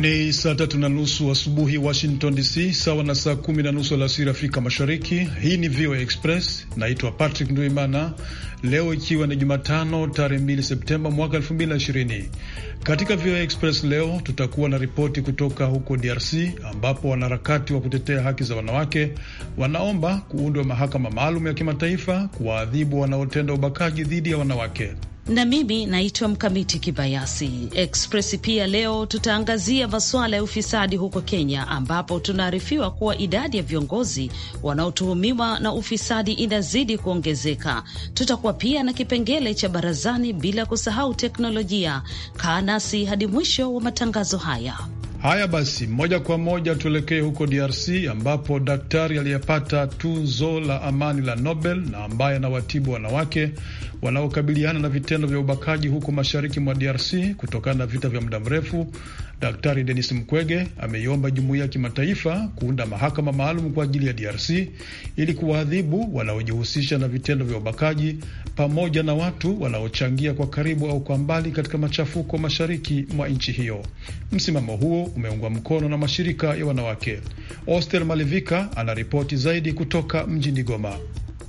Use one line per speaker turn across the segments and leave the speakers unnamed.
Ni saa tatu na nusu asubuhi Washington DC, sawa na saa kumi na nusu alasiri Afrika Mashariki. Hii ni VOA Express, naitwa Patrick Nduimana. Leo ikiwa ni Jumatano tarehe 2 Septemba mwaka 2020. Katika VOA Express leo tutakuwa na ripoti kutoka huko DRC ambapo wanaharakati wa kutetea haki za wanawake wanaomba kuundwa mahakama maalum ya kimataifa kuwaadhibu wanaotenda ubakaji dhidi ya wanawake
na mimi naitwa Mkamiti Kibayasi. Express pia leo tutaangazia masuala ya ufisadi huko Kenya, ambapo tunaarifiwa kuwa idadi ya viongozi wanaotuhumiwa na ufisadi inazidi kuongezeka. Tutakuwa pia na kipengele cha barazani, bila kusahau teknolojia. Kaa nasi hadi mwisho wa matangazo haya.
Haya basi, moja kwa moja tuelekee huko DRC ambapo daktari aliyepata tuzo la amani la Nobel na ambaye anawatibu wanawake wanaokabiliana na vitendo vya ubakaji huko mashariki mwa DRC kutokana na vita vya muda mrefu Daktari Denis mkwege ameiomba jumuiya ya kimataifa kuunda mahakama maalum kwa ajili ya DRC ili kuwaadhibu wanaojihusisha na vitendo vya ubakaji pamoja na watu wanaochangia kwa karibu au kwa mbali katika machafuko mashariki mwa nchi hiyo. Msimamo huo umeungwa mkono na mashirika ya wanawake. Oster Malivika anaripoti zaidi kutoka mjini Goma.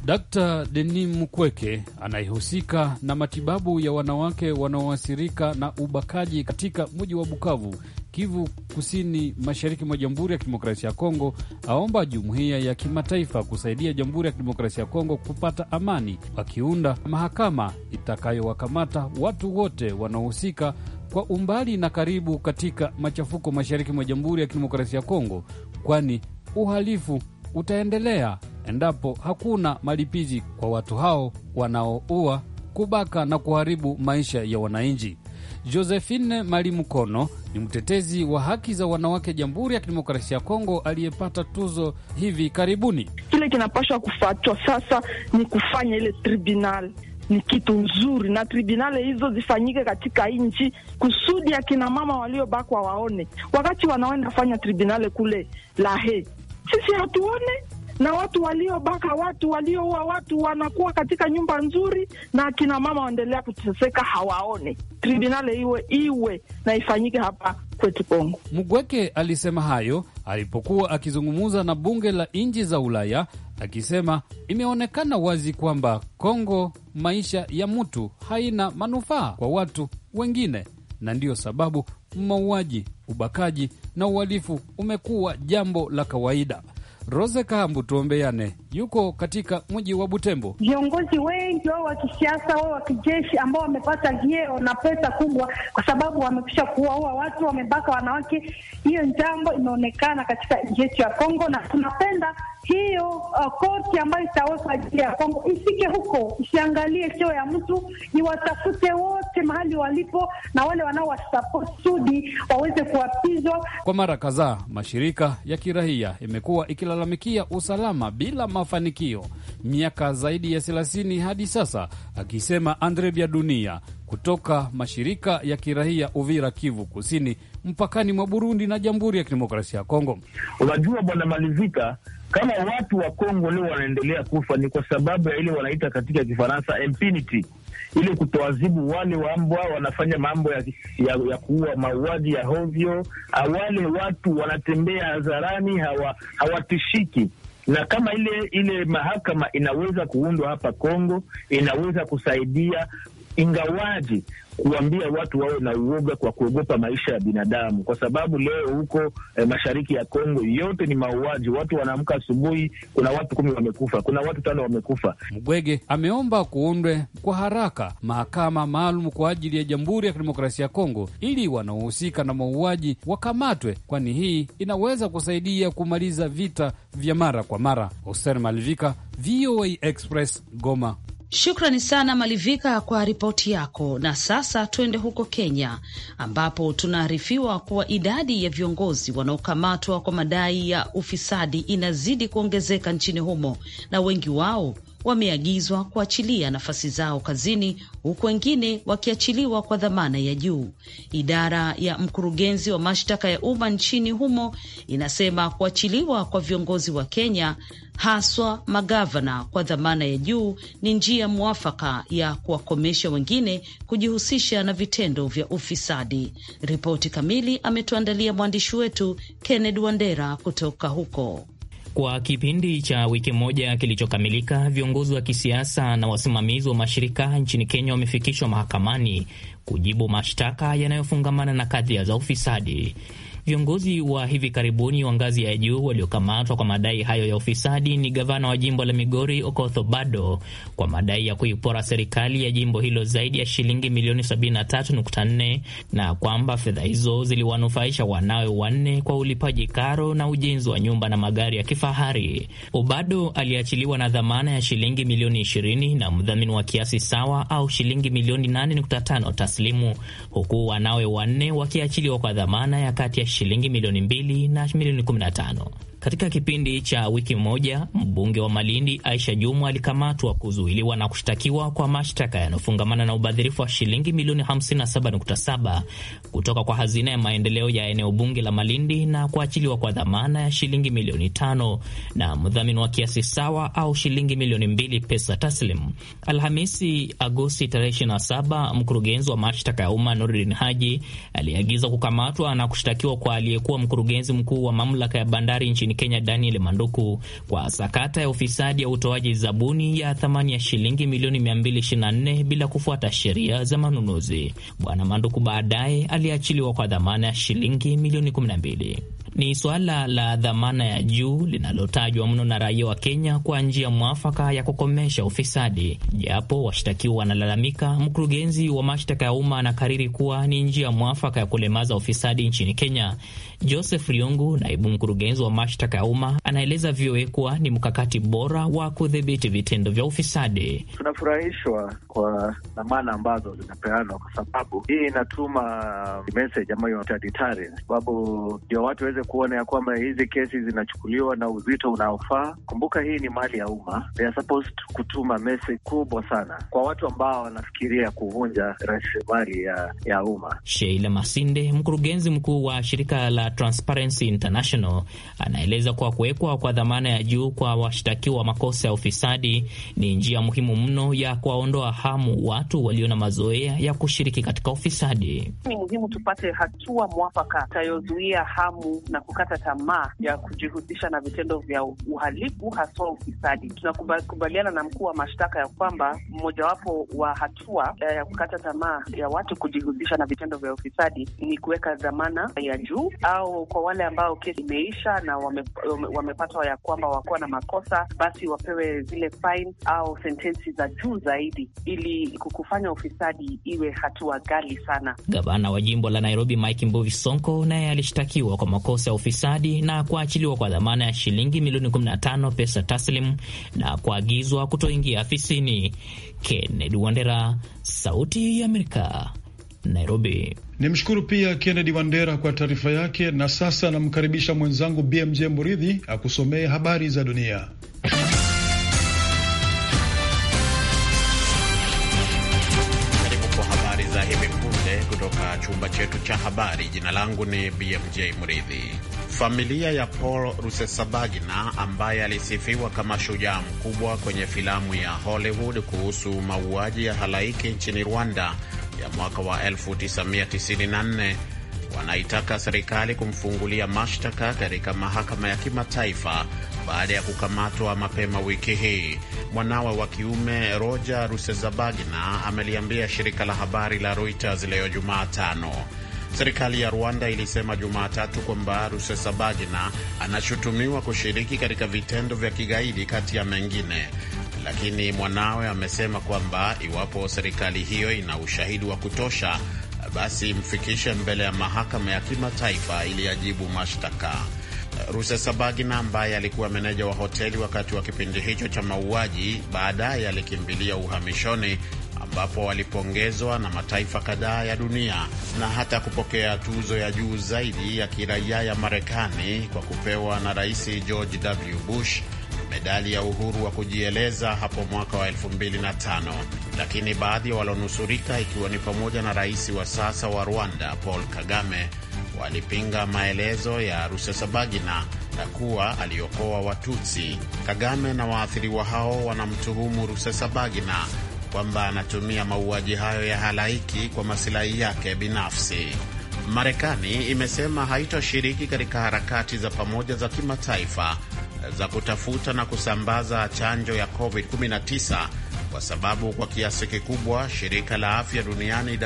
Dr
Denis Mukwege anayehusika na matibabu ya wanawake wanaoathirika na ubakaji katika mji wa Bukavu, Kivu Kusini, mashariki mwa Jamhuri ya Kidemokrasia ya Kongo, aomba jumuiya ya kimataifa kusaidia Jamhuri ya Kidemokrasia ya Kongo kupata amani, wakiunda mahakama itakayowakamata watu wote wanaohusika kwa umbali na karibu katika machafuko mashariki mwa Jamhuri ya Kidemokrasia ya Kongo, kwani uhalifu utaendelea endapo hakuna malipizi kwa watu hao wanaoua, kubaka na kuharibu maisha ya wananchi. Josephine Mali Mukono ni mtetezi wa haki za wanawake Jamhuri ya Kidemokrasia ya Kongo aliyepata tuzo hivi karibuni. Kile kinapashwa kufatwa sasa ni kufanya
ile tribunal ni kitu nzuri na tribunali hizo zifanyike katika nchi kusudi akina mama waliobakwa waone, wakati wanaenda fanya tribunale kule Lahe, sisi hatuone na watu waliobaka watu walioua watu wanakuwa katika nyumba nzuri, na akina mama waendelea kuteseka, hawaone. Tribunale iwe
iwe na ifanyike hapa kwetu Kongo. Mgweke alisema hayo alipokuwa akizungumza na bunge la nchi za Ulaya, akisema imeonekana wazi kwamba Kongo maisha ya mtu haina manufaa kwa watu wengine, na ndiyo sababu mauaji, ubakaji na uhalifu umekuwa jambo la kawaida. Rose tuombeane yuko katika mji wa Butembo.
Viongozi
wengi wao wa kisiasa, wao wa kijeshi, ambao wamepata vyeo na pesa kubwa, kwa sababu wamekisha kuwaua watu, wamebaka wanawake. Hiyo jambo imeonekana katika nchi yetu ya Kongo, na tunapenda hiyo uh, korti ambayo itawekwa juu ya Kongo ifike
huko, isiangalie cheo ya mtu, iwatafute wote mahali walipo, na wale
wanaowasapoti sudi waweze kuwapizwa.
Kwa mara kadhaa, mashirika ya kiraia imekuwa ikilalamikia usalama bila mafanikio miaka zaidi ya thelathini hadi sasa, akisema Andre Bia Dunia kutoka mashirika ya kiraia Uvira, Kivu Kusini, mpakani mwa Burundi na Jamhuri ya Kidemokrasia ya Kongo. Unajua bwana Malizika kama watu wa Kongo leo wanaendelea kufa, ni kwa sababu ya ile wanaita
katika Kifaransa impunity, ile kutoadhibu wale wambwa wanafanya mambo ya, ya, ya kuua mauaji ya hovyo. Wale watu wanatembea hadharani, hawatishiki hawa na kama ile ile mahakama inaweza kuundwa hapa Kongo, inaweza kusaidia ingawaji kuambia watu wawe na uoga kwa kuogopa maisha ya binadamu, kwa sababu leo huko e, mashariki ya Kongo yote ni mauaji. Watu wanaamka asubuhi, kuna watu kumi wamekufa, kuna watu tano wamekufa.
Mgwege ameomba kuundwe kwa haraka mahakama maalum kwa ajili ya Jamhuri ya Kidemokrasia ya Kongo ili wanaohusika na mauaji wakamatwe, kwani hii inaweza kusaidia kumaliza vita vya mara kwa mara. Hosen Malivika, VOA Express, Goma.
Shukrani sana Malivika kwa ripoti yako. Na sasa tuende huko Kenya, ambapo tunaarifiwa kuwa idadi ya viongozi wanaokamatwa kwa madai ya ufisadi inazidi kuongezeka nchini humo, na wengi wao wameagizwa kuachilia nafasi zao kazini, huku wengine wakiachiliwa kwa dhamana ya juu. Idara ya mkurugenzi wa mashtaka ya umma nchini humo inasema kuachiliwa kwa viongozi wa Kenya haswa magavana kwa dhamana ya juu ni njia mwafaka ya kuwakomesha wengine kujihusisha na vitendo vya ufisadi. Ripoti kamili ametuandalia mwandishi wetu kenned Wandera kutoka huko.
Kwa kipindi cha wiki moja kilichokamilika, viongozi wa kisiasa na wasimamizi wa mashirika nchini Kenya wamefikishwa mahakamani kujibu mashtaka yanayofungamana na kadhia za ufisadi. Viongozi wa hivi karibuni wa ngazi ya juu waliokamatwa kwa madai hayo ya ufisadi ni gavana wa jimbo la Migori Okoth Obado kwa madai ya kuipora serikali ya jimbo hilo zaidi ya shilingi milioni 73.4 na kwamba fedha hizo ziliwanufaisha wanawe wanne kwa ulipaji karo na ujenzi wa nyumba na magari ya kifahari. Obado aliachiliwa na dhamana ya shilingi milioni 20 na mdhamini wa kiasi sawa au shilingi milioni 8.5 taslimu, huku wanawe wanne wakiachiliwa kwa dhamana ya kati ya shilingi milioni mbili na milioni kumi na tano katika kipindi cha wiki moja, mbunge wa Malindi Aisha Jumwa alikamatwa, kuzuiliwa na kushtakiwa kwa mashtaka yanayofungamana na ubadhirifu wa shilingi milioni 57.7 kutoka kwa hazina ya maendeleo ya eneo bunge la Malindi na kuachiliwa kwa dhamana ya shilingi milioni tano na mdhamini wa kiasi sawa au shilingi milioni mbili pesa taslim. Alhamisi Agosti tarehe 27, mkurugenzi wa mashtaka ya umma Nuruddin Haji aliagiza kukamatwa na kushtakiwa kwa aliyekuwa mkurugenzi mkuu wa mamlaka ya bandari nchini Kenya Daniel Manduku kwa sakata ya ufisadi ya utoaji zabuni ya thamani ya shilingi milioni 224 bila kufuata sheria za manunuzi. Bwana Manduku baadaye aliachiliwa kwa dhamana ya shilingi milioni 12. Ni suala la dhamana ya juu linalotajwa mno na raia wa Kenya kwa njia mwafaka ya kukomesha ufisadi, japo washtakiwa wanalalamika. Mkurugenzi wa mashtaka ya umma anakariri kuwa ni njia mwafaka ya kulemaza ufisadi nchini Kenya. Joseph Riungu, naibu mkurugenzi wa mashtaka ya umma, anaeleza VOA kuwa ni mkakati bora wa kudhibiti vitendo vya ufisadi.
Tunafurahishwa kwa dhamana ambazo zinapeanwa, kwa sababu hii inatuma message ambayo sababu ndio watu waweze kuona ya kwamba hizi kesi zinachukuliwa na uzito unaofaa. Kumbuka hii ni mali ya umma, they are supposed kutuma message kubwa sana kwa watu ambao wanafikiria kuvunja rasilimali ya, ya umma.
Sheila Masinde, mkurugenzi mkuu wa shirika la Transparency International, anaeleza kuwa kuwekwa kwa dhamana ya juu kwa washtakiwa wa makosa ya ufisadi ni njia muhimu mno ya kuwaondoa hamu watu walio na mazoea ya kushiriki katika ufisadi. Ni muhimu tupate hatua mwafaka itayozuia hamu na na kukata tamaa ya kujihusisha na vitendo vya uhalifu haswa ufisadi. Tunakubaliana na mkuu wa mashtaka ya kwamba mmojawapo wa hatua eh, ya kukata tamaa ya watu kujihusisha na vitendo vya
ufisadi ni kuweka dhamana ya juu, au kwa wale ambao kesi imeisha na wame,
wame, wamepatwa ya kwamba wakuwa na makosa, basi wapewe zile fine au sentensi za juu zaidi, ili kufanya ufisadi iwe hatua ghali sana. Gavana wa jimbo la Nairobi Mike Mbuvi Sonko naye alishtakiwa kwa makosa makosa ya ufisadi na kuachiliwa kwa dhamana ya shilingi milioni 15 pesa taslim na kuagizwa kutoingia afisini. Kennedy Wandera, Sauti ya Amerika, Nairobi.
Nimshukuru pia Kennedy Wandera kwa taarifa yake, na sasa namkaribisha mwenzangu BMJ Muridhi akusomee habari za dunia.
Karibu kwa habari za hivi kutoka chumba chetu cha habari. Jina langu ni BMJ Mridhi. Familia ya Paul Rusesabagina ambaye alisifiwa kama shujaa mkubwa kwenye filamu ya Hollywood kuhusu mauaji ya halaiki nchini Rwanda ya mwaka wa 1994 wanaitaka serikali kumfungulia mashtaka katika mahakama ya kimataifa baada ya kukamatwa mapema wiki hii. Mwanawe wa kiume Roger Rusesabagina ameliambia shirika la habari la Reuters leo Jumatano. Serikali ya Rwanda ilisema Jumatatu kwamba Rusesabagina anashutumiwa kushiriki katika vitendo vya kigaidi kati ya mengine, lakini mwanawe amesema kwamba iwapo serikali hiyo ina ushahidi wa kutosha, basi imfikishe mbele ya mahakama ya kimataifa ili ajibu mashtaka. Rusesabagina ambaye alikuwa meneja wa hoteli wakati wa kipindi hicho cha mauaji, baadaye alikimbilia uhamishoni ambapo alipongezwa na mataifa kadhaa ya dunia na hata kupokea tuzo ya juu zaidi ya kiraia ya Marekani kwa kupewa na Rais George W. Bush medali ya uhuru wa kujieleza hapo mwaka wa 2005 lakini baadhi ya walionusurika ikiwa ni pamoja na rais wa sasa wa Rwanda Paul Kagame walipinga maelezo ya Rusesabagina na kuwa aliokoa Watutsi. Kagame na waathiriwa hao wanamtuhumu Rusesabagina kwamba anatumia mauaji hayo ya halaiki kwa masilahi yake binafsi. Marekani imesema haitoshiriki katika harakati za pamoja za kimataifa za kutafuta na kusambaza chanjo ya COVID-19 kwa sababu kwa kiasi kikubwa shirika la afya duniani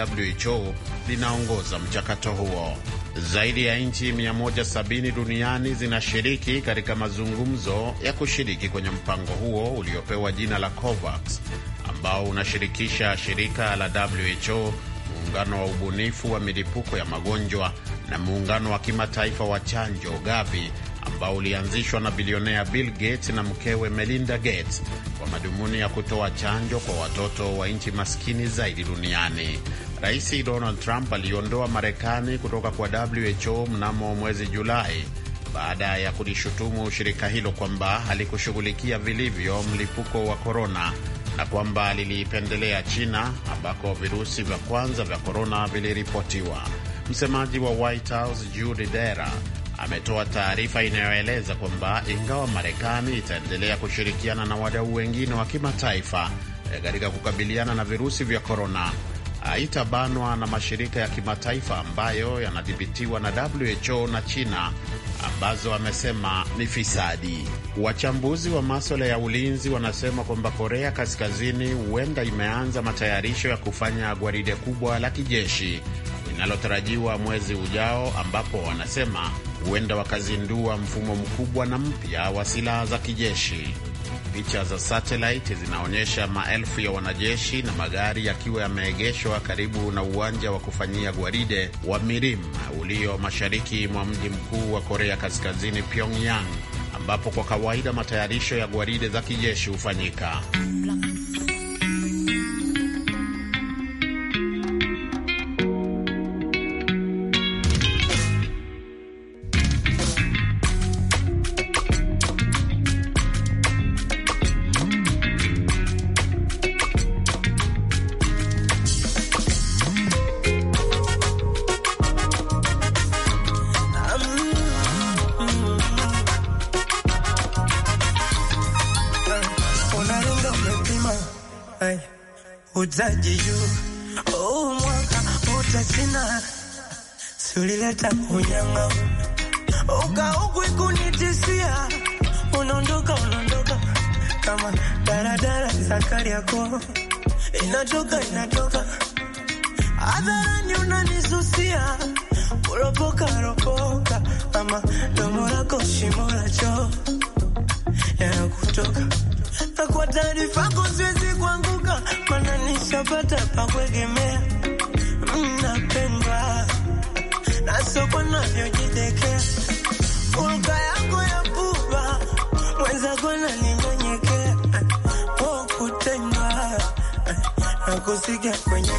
WHO linaongoza mchakato huo. Zaidi ya nchi 170 duniani zinashiriki katika mazungumzo ya kushiriki kwenye mpango huo uliopewa jina la COVAX ambao unashirikisha shirika la WHO, muungano wa ubunifu wa milipuko ya magonjwa na muungano wa kimataifa wa chanjo GAVI ambao ulianzishwa na bilionea Bill Gates na mkewe Melinda Gates kwa madhumuni ya kutoa chanjo kwa watoto wa nchi maskini zaidi duniani. Rais Donald Trump aliondoa Marekani kutoka kwa WHO mnamo mwezi Julai baada ya kulishutumu shirika hilo kwamba halikushughulikia vilivyo mlipuko wa korona na kwamba liliipendelea China ambako virusi vya kwanza vya korona viliripotiwa. Msemaji wa White House Judy Dera ametoa taarifa inayoeleza kwamba ingawa Marekani itaendelea kushirikiana na wadau wengine wa kimataifa eh, katika kukabiliana na virusi vya korona, haitabanwa na mashirika ya kimataifa ambayo yanadhibitiwa na WHO na China ambazo amesema ni fisadi. Wachambuzi wa maswala ya ulinzi wanasema kwamba Korea Kaskazini huenda imeanza matayarisho ya kufanya gwaride kubwa la kijeshi linalotarajiwa mwezi ujao, ambapo wanasema huenda wakazindua mfumo mkubwa na mpya wa silaha za kijeshi. Picha za satelaiti zinaonyesha maelfu ya wanajeshi na magari yakiwa yameegeshwa karibu na uwanja wa kufanyia gwaride wa Mirim ulio mashariki mwa mji mkuu wa Korea Kaskazini, Pyongyang, ambapo kwa kawaida matayarisho ya gwaride za kijeshi hufanyika.
majiyo oh, mwaka utachina sulileta kunyanga kunitisia, unaondoka unaondoka kama daradara sakari yako inatoka inatoka hadharani unanisusia kuropoka ropoka ama domo lako shimo la choo yanakutoka na kwa taarifa siwezi kwangu Nimepata pa kuegemea, mnapendwa mm, na soko navyojitekea, ulka yangu ya pupa mwenzako naninyenyekea, pokutendwa nakusikia kwenye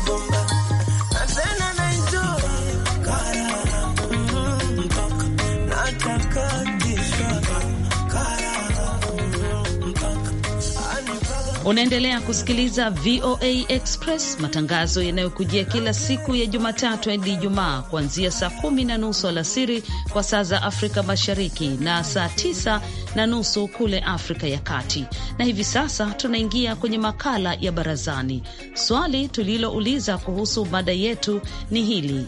Unaendelea kusikiliza VOA Express, matangazo yanayokujia kila siku ya Jumatatu hadi Ijumaa kuanzia saa kumi na nusu alasiri kwa saa za Afrika Mashariki na saa tisa na nusu kule Afrika ya Kati. Na hivi sasa tunaingia kwenye makala ya Barazani. Swali tulilouliza kuhusu mada yetu ni hili: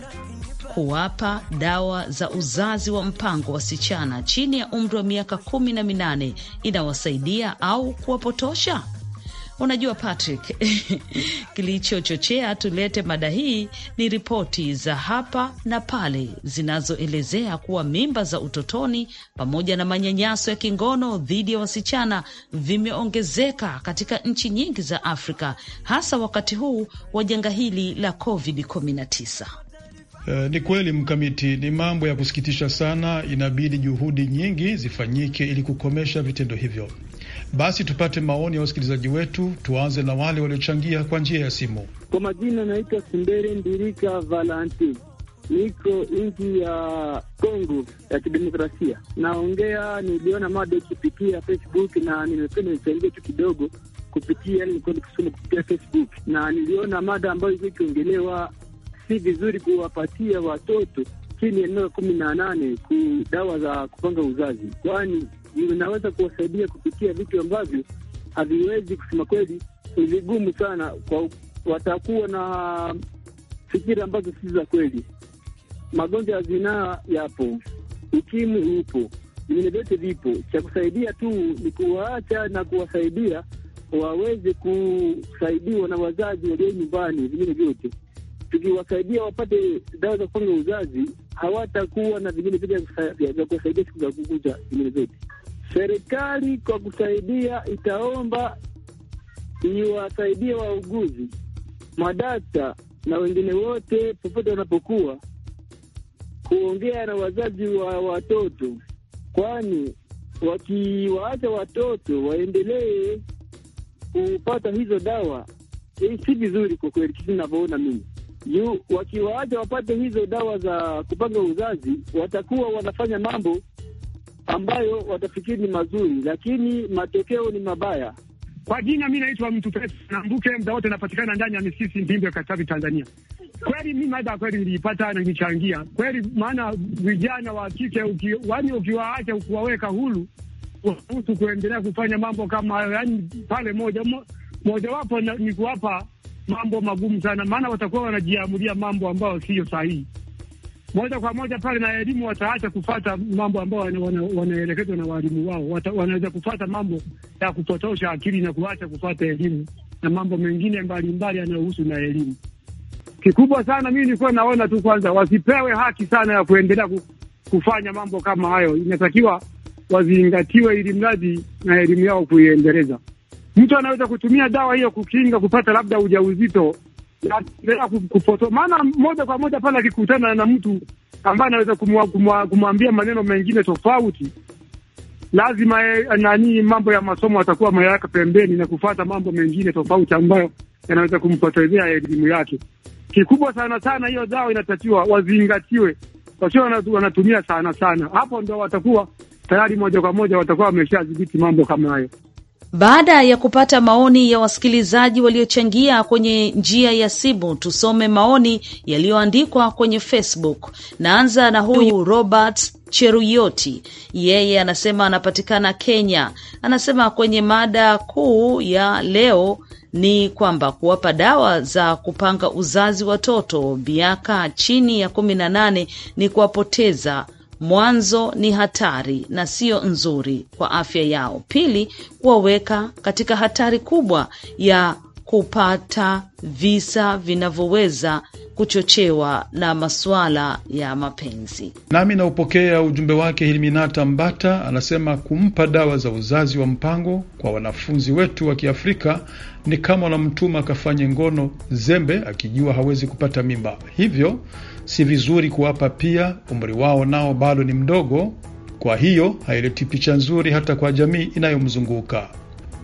kuwapa dawa za uzazi wa mpango wasichana chini ya umri wa miaka kumi na minane inawasaidia au kuwapotosha? Unajua Patrick, kilichochochea tulete mada hii ni ripoti za hapa na pale zinazoelezea kuwa mimba za utotoni pamoja na manyanyaso ya kingono dhidi ya wasichana vimeongezeka katika nchi nyingi za Afrika, hasa wakati huu wa janga hili la COVID-19.
Uh, ni kweli mkamiti, ni mambo ya kusikitisha sana. Inabidi juhudi nyingi zifanyike ili kukomesha vitendo hivyo. Basi tupate maoni ya wasikilizaji wetu. Tuanze na wale waliochangia kwa njia ya simu.
Kwa majina, anaitwa Simbere Ndirika Valanti, niko nchi ya Kongo ya Kidemokrasia. Naongea, niliona mada ikipitia Facebook na nimependa nichangie tu kidogo kupitia, yani nilikuwa nikisoma kupitia Facebook na niliona mada ambayo ilikuwa ikiongelewa, si vizuri kuwapatia watoto chini ya miaka kumi na nane ku dawa za kupanga uzazi, kwani inaweza kuwasaidia kupitia vitu ambavyo haviwezi, kusema kweli, ni vigumu sana kwa watakuwa na fikira ambazo si za kweli. Magonjwa ya zinaa yapo, ukimwi upo, vingine vyote vipo. Cha kusaidia tu ni kuwaacha na kuwasaidia waweze kusaidiwa na wazazi walio nyumbani, vingine vyote tukiwasaidia wapate dawa za kufanya uzazi, hawatakuwa na vingine vile vya kuwasaidia siku za kukuja vingine zote. Serikali kwa kusaidia itaomba iwasaidie wauguzi, madakta na wengine wote popote wanapokuwa kuongea na wazazi wa watoto, kwani wakiwaacha watoto waendelee kupata hizo dawa, si vizuri kwa kweli, kisi navyoona mimi wakiwaacha wapate hizo dawa za kupanga uzazi, watakuwa wanafanya mambo ambayo watafikiri ni mazuri, lakini matokeo ni mabaya. Kwa jina mi naitwa mtu pesa Nambuke,
mda wote napatikana ndani ya misisi ya Katavi, Tanzania. Kweli mi mada kweli niliipata na nichangia kweli, maana vijana wa kike wani ukiwaacha kuwaweka hulu wahusu kuendelea kufanya mambo kama hayo, yani pale moja mojawapo ni kuwapa mambo magumu sana, maana watakuwa wanajiamulia mambo ambayo siyo sahihi moja kwa moja pale, na elimu wataacha kufata mambo ambayo wanaelekezwa na walimu wao. Wanaweza kufata mambo ya kupotosha akili na kuacha kufata elimu na mambo mengine mbalimbali yanayohusu na elimu. Kikubwa sana mimi nilikuwa naona tu kwanza wasipewe haki sana ya kuendelea kufanya mambo kama hayo, inatakiwa wazingatiwe ili mradi na elimu yao kuiendeleza mtu anaweza kutumia dawa hiyo kukinga kupata labda ujauzito na kupoto, maana moja kwa moja pale akikutana na mtu ambaye anaweza kumwambia maneno mengine tofauti, lazima nani, mambo ya masomo atakuwa ameyaweka pembeni na kufata mambo mengine tofauti ambayo yanaweza kumpotezea elimu yake. Kikubwa sana sana, hiyo dawa inatakiwa wazingatiwe, wasio wanatumia sana sana, hapo ndo watakuwa tayari moja kwa moja watakuwa wameshadhibiti mambo kama hayo.
Baada ya kupata maoni ya wasikilizaji waliochangia kwenye njia ya simu, tusome maoni yaliyoandikwa kwenye Facebook. Naanza na huyu Robert Cheruyoti, yeye anasema anapatikana Kenya. Anasema kwenye mada kuu ya leo ni kwamba kuwapa dawa za kupanga uzazi watoto miaka chini ya kumi na nane ni kuwapoteza mwanzo ni hatari na siyo nzuri kwa afya yao; pili, kuwaweka katika hatari kubwa ya kupata visa vinavyoweza kuchochewa na masuala ya mapenzi.
Nami naupokea ujumbe wake. Hilminata Mbata anasema kumpa dawa za uzazi wa mpango kwa wanafunzi wetu wa Kiafrika ni kama wanamtuma akafanye ngono zembe akijua hawezi kupata mimba, hivyo si vizuri kuwapa, pia umri wao nao bado ni mdogo, kwa hiyo haileti picha nzuri hata kwa jamii inayomzunguka.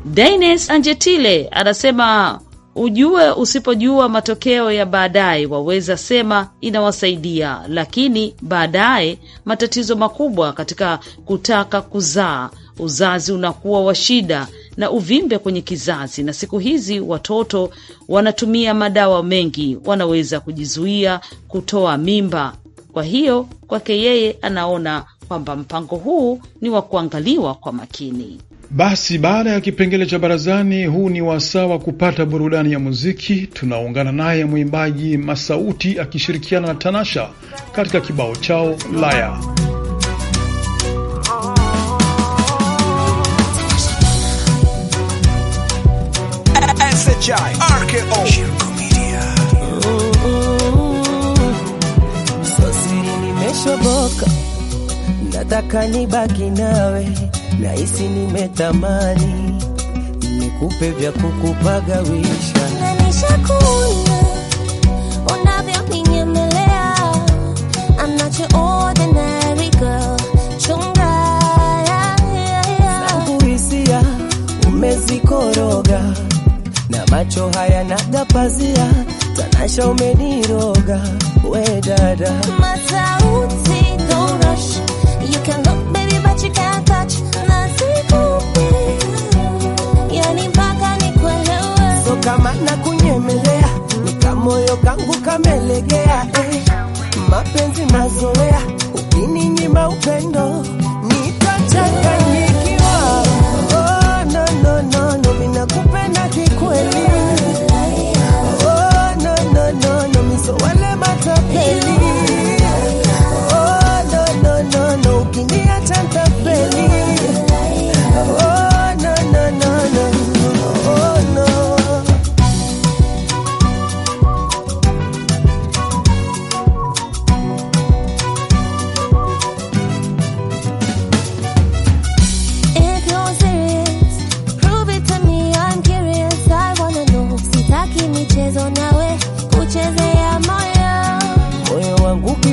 Dennis Anjetile anasema ujue, usipojua matokeo ya baadaye, waweza sema inawasaidia, lakini baadaye matatizo makubwa katika kutaka kuzaa, uzazi unakuwa wa shida na uvimbe kwenye kizazi. Na siku hizi watoto wanatumia madawa mengi, wanaweza kujizuia kutoa mimba. Kwa hiyo kwake yeye anaona kwamba mpango huu ni wa kuangaliwa kwa makini.
Basi baada ya kipengele cha barazani, huu ni wasaa wa kupata burudani ya muziki. Tunaungana naye mwimbaji Masauti akishirikiana na Tanasha katika kibao chao Laya.
nataka nibaki nawe na hisi nimetamani nikupe vya kukupagawisha na nishakuona unavyopinyemelea I'm not your ordinary girl chunga nakuhisia umezikoroga na macho haya nagapazia tanasha umeniroga we dada masauti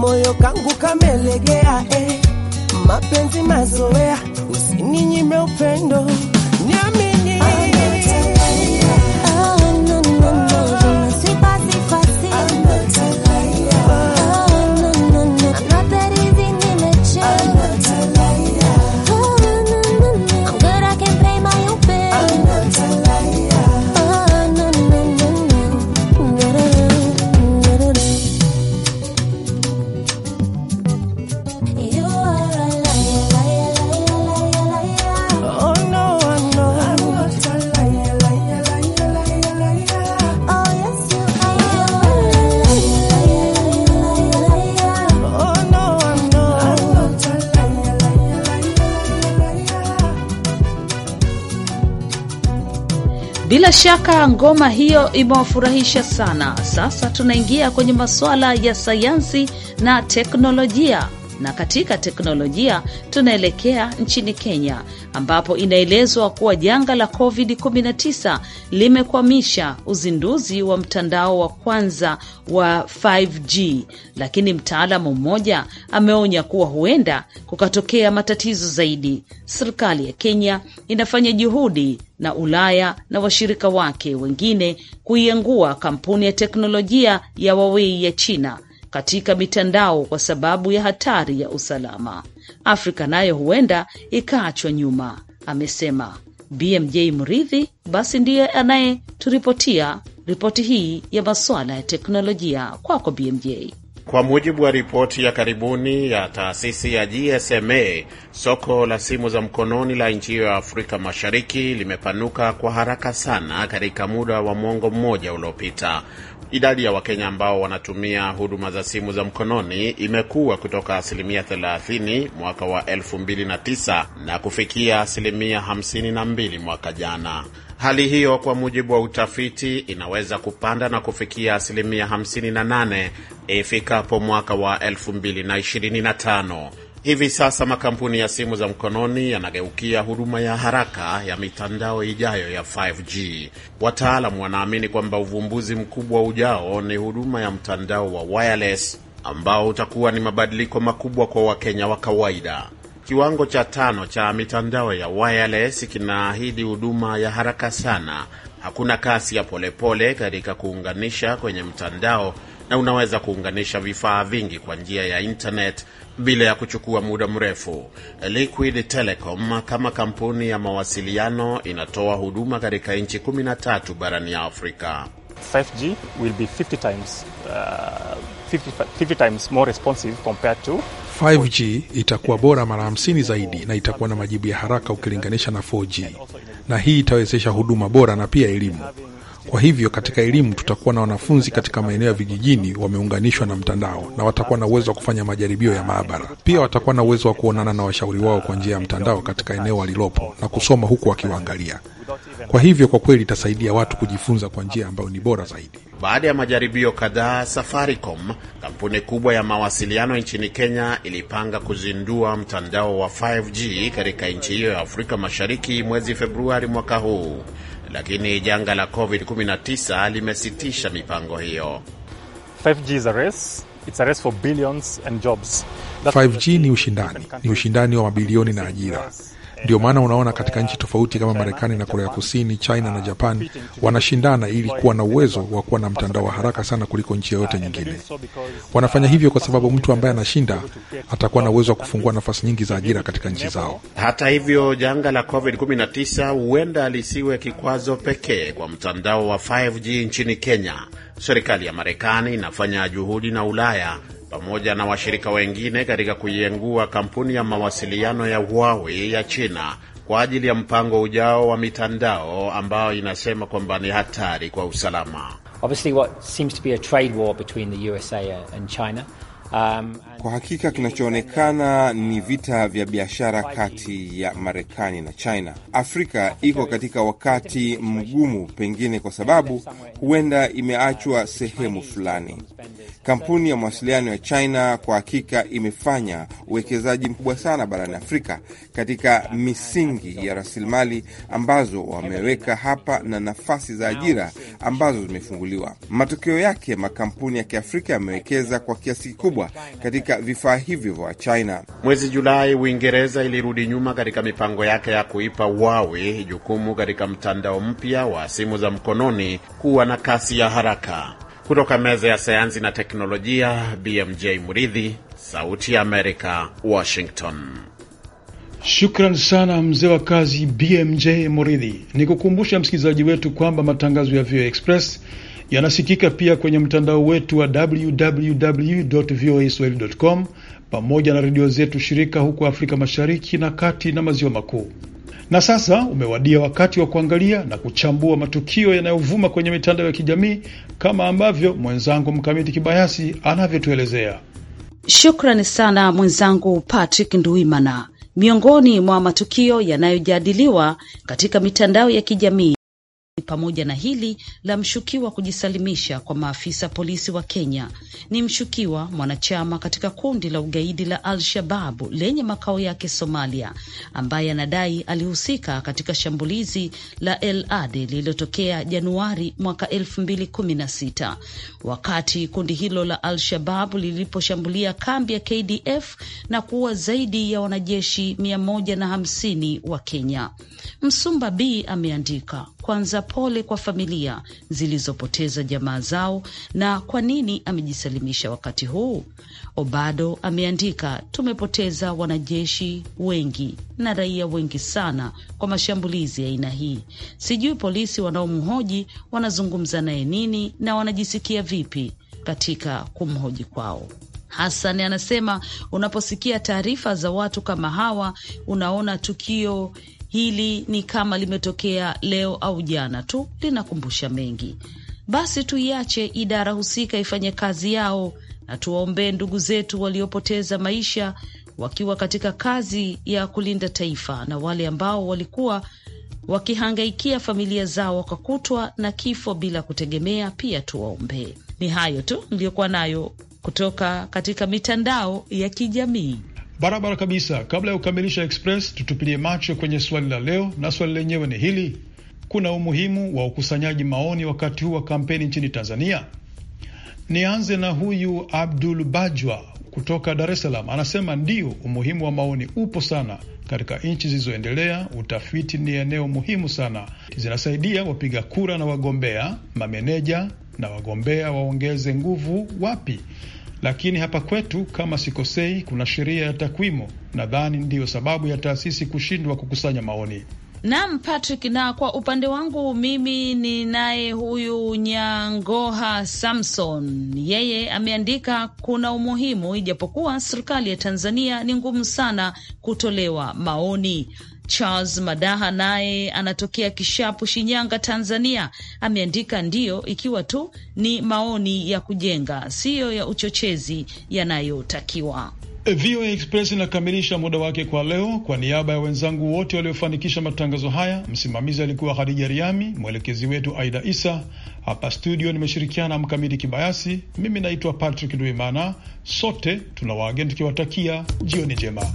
moyo kangu kamelegea, eh, mapenzi mazoea, usininyime upendo niamini
Bila shaka ngoma hiyo imewafurahisha sana. Sasa tunaingia kwenye masuala ya sayansi na teknolojia na katika teknolojia tunaelekea nchini Kenya ambapo inaelezwa kuwa janga la COVID-19 limekwamisha uzinduzi wa mtandao wa kwanza wa 5G, lakini mtaalamu mmoja ameonya kuwa huenda kukatokea matatizo zaidi. Serikali ya Kenya inafanya juhudi na Ulaya na washirika wake wengine kuiangua kampuni ya teknolojia ya Huawei ya China katika mitandao kwa sababu ya hatari ya usalama. Afrika nayo huenda ikaachwa nyuma, amesema BMJ Mridhi. Basi ndiye anayeturipotia ripoti hii ya masuala ya teknolojia. Kwako BMJ.
Kwa mujibu wa ripoti ya karibuni ya taasisi ya GSMA, soko la simu za mkononi la nchi hiyo ya Afrika Mashariki limepanuka kwa haraka sana katika muda wa mwongo mmoja uliopita. Idadi ya Wakenya ambao wanatumia huduma za simu za mkononi imekuwa kutoka asilimia 30 mwaka wa 2009 na kufikia asilimia 52 mwaka jana. Hali hiyo kwa mujibu wa utafiti inaweza kupanda na kufikia asilimia 58 ifikapo mwaka wa 2025. Hivi sasa makampuni ya simu za mkononi yanageukia huduma ya haraka ya mitandao ijayo ya 5G. Wataalamu wanaamini kwamba uvumbuzi mkubwa ujao ni huduma ya mtandao wa wireless ambao utakuwa ni mabadiliko makubwa kwa Wakenya wa kawaida. Kiwango cha tano cha mitandao ya wireless kinaahidi huduma ya haraka sana. Hakuna kasi ya polepole katika kuunganisha kwenye mtandao na unaweza kuunganisha vifaa vingi kwa njia ya internet bila ya kuchukua muda mrefu. Liquid Telecom kama kampuni ya mawasiliano inatoa huduma katika nchi 13 barani ya Afrika. 5G will be 50 times, uh, 50, 50 times more responsive compared to
5G itakuwa bora mara 50 zaidi na itakuwa na majibu ya haraka ukilinganisha na 4G, na hii itawezesha huduma bora na pia elimu. Kwa hivyo katika elimu tutakuwa na wanafunzi katika maeneo ya vijijini wameunganishwa na mtandao na watakuwa na uwezo wa kufanya majaribio ya maabara. Pia watakuwa na uwezo wa kuonana na washauri wao kwa njia ya mtandao katika eneo walilopo na kusoma huku wakiwaangalia. Kwa hivyo kwa kweli itasaidia watu kujifunza kwa njia ambayo ni bora zaidi.
Baada ya majaribio kadhaa, Safaricom, kampuni kubwa ya mawasiliano nchini Kenya, ilipanga kuzindua mtandao wa 5G katika nchi hiyo ya Afrika Mashariki mwezi Februari mwaka huu lakini janga la COVID-19 limesitisha mipango hiyo. 5G is a race. It's a race for billions and jobs. 5G
ni ushindani, ni ushindani wa mabilioni na ajira. Ndio maana unaona katika nchi tofauti kama Marekani na Korea Kusini, China na Japan wanashindana ili kuwa na uwezo wa kuwa na mtandao wa haraka sana kuliko nchi yoyote nyingine. Wanafanya hivyo kwa sababu mtu ambaye anashinda atakuwa na uwezo wa kufungua nafasi nyingi za ajira katika nchi zao.
Hata hivyo, janga la COVID-19 huenda lisiwe kikwazo pekee kwa mtandao wa 5G nchini Kenya. Serikali ya Marekani inafanya juhudi na Ulaya pamoja na washirika wengine katika kuiengua kampuni ya mawasiliano ya Huawei ya China kwa ajili ya mpango ujao wa mitandao ambayo inasema kwamba ni hatari kwa usalama. Obviously what seems to be a trade war between the USA and China. Um,
kwa hakika kinachoonekana ni vita vya biashara kati ya Marekani na China. Afrika iko katika wakati mgumu, pengine kwa sababu huenda imeachwa sehemu fulani. Kampuni ya mawasiliano ya China kwa hakika imefanya uwekezaji mkubwa sana barani Afrika katika misingi ya rasilimali ambazo wameweka hapa na nafasi za ajira ambazo zimefunguliwa. Matokeo yake makampuni ya Kiafrika yamewekeza kwa kiasi kikubwa kubwa katika vifaa hivyo vya China.
Mwezi Julai, Uingereza ilirudi nyuma katika mipango yake ya kuipa Huawei jukumu katika mtandao mpya wa simu za mkononi kuwa na kasi ya haraka. Kutoka meza ya sayansi na teknolojia, BMJ Muridhi, Sauti ya Amerika, Washington.
Shukran sana mzee wa kazi BMJ Muridhi. Ni kukumbusha msikilizaji wetu kwamba matangazo ya VOA Express yanasikika pia kwenye mtandao wetu wa www www.voaswahili.com pamoja na redio zetu shirika huko Afrika Mashariki na Kati na Maziwa Makuu. Na sasa umewadia wakati wa kuangalia na kuchambua matukio yanayovuma kwenye mitandao ya kijamii kama ambavyo mwenzangu Mkamiti Kibayasi anavyotuelezea.
Shukrani sana mwenzangu Patrick Nduimana. Miongoni mwa matukio yanayojadiliwa katika mitandao ya kijamii pamoja na hili la mshukiwa kujisalimisha kwa maafisa polisi wa Kenya. Ni mshukiwa mwanachama katika kundi la ugaidi la Al-Shababu lenye makao yake Somalia, ambaye anadai alihusika katika shambulizi la El Ade lililotokea Januari mwaka 2016 wakati kundi hilo la Al-Shababu liliposhambulia kambi ya KDF na kuua zaidi ya wanajeshi 150 wa Kenya. Msumba B ameandika kwanza pole kwa familia zilizopoteza jamaa zao na kwa nini amejisalimisha wakati huu. Obado ameandika, tumepoteza wanajeshi wengi na raia wengi sana kwa mashambulizi ya aina hii. Sijui polisi wanaomhoji wanazungumza naye nini na wanajisikia vipi katika kumhoji kwao. Hassan anasema unaposikia taarifa za watu kama hawa, unaona tukio hili ni kama limetokea leo au jana tu, linakumbusha mengi. Basi tuiache idara husika ifanye kazi yao, na tuwaombee ndugu zetu waliopoteza maisha wakiwa katika kazi ya kulinda taifa na wale ambao walikuwa wakihangaikia familia zao wakakutwa na kifo bila kutegemea, pia tuwaombee. Ni hayo tu niliyokuwa nayo kutoka katika mitandao ya kijamii
barabara kabisa. Kabla ya kukamilisha Express, tutupilie macho kwenye swali la leo, na swali lenyewe ni hili: kuna umuhimu wa ukusanyaji maoni wakati huu wa kampeni nchini Tanzania? Nianze na huyu Abdul Bajwa kutoka Dar es Salaam, anasema ndio, umuhimu wa maoni upo sana. Katika nchi zilizoendelea, utafiti ni eneo muhimu sana, zinasaidia wapiga kura na wagombea, mameneja na wagombea waongeze nguvu wapi lakini hapa kwetu, kama sikosei, kuna sheria ya takwimu. Nadhani ndiyo sababu ya taasisi kushindwa kukusanya maoni.
Naam, Patrick, na kwa upande wangu mimi ninaye huyu Nyangoha Samson. Yeye ameandika kuna umuhimu, ijapokuwa serikali ya Tanzania ni ngumu sana kutolewa maoni. Charles Madaha naye anatokea Kishapu, Shinyanga, Tanzania, ameandika ndiyo, ikiwa tu ni maoni ya kujenga, siyo ya uchochezi yanayotakiwa.
Eh, VOA Express inakamilisha muda wake kwa leo. Kwa niaba ya wenzangu wote waliofanikisha matangazo haya, msimamizi alikuwa Khadija Riami, mwelekezi wetu Aida Isa. Hapa studio nimeshirikiana na Mkamiti Kibayasi. Mimi naitwa Patrick Nduimana. Sote tuna waageni tukiwatakia jioni njema.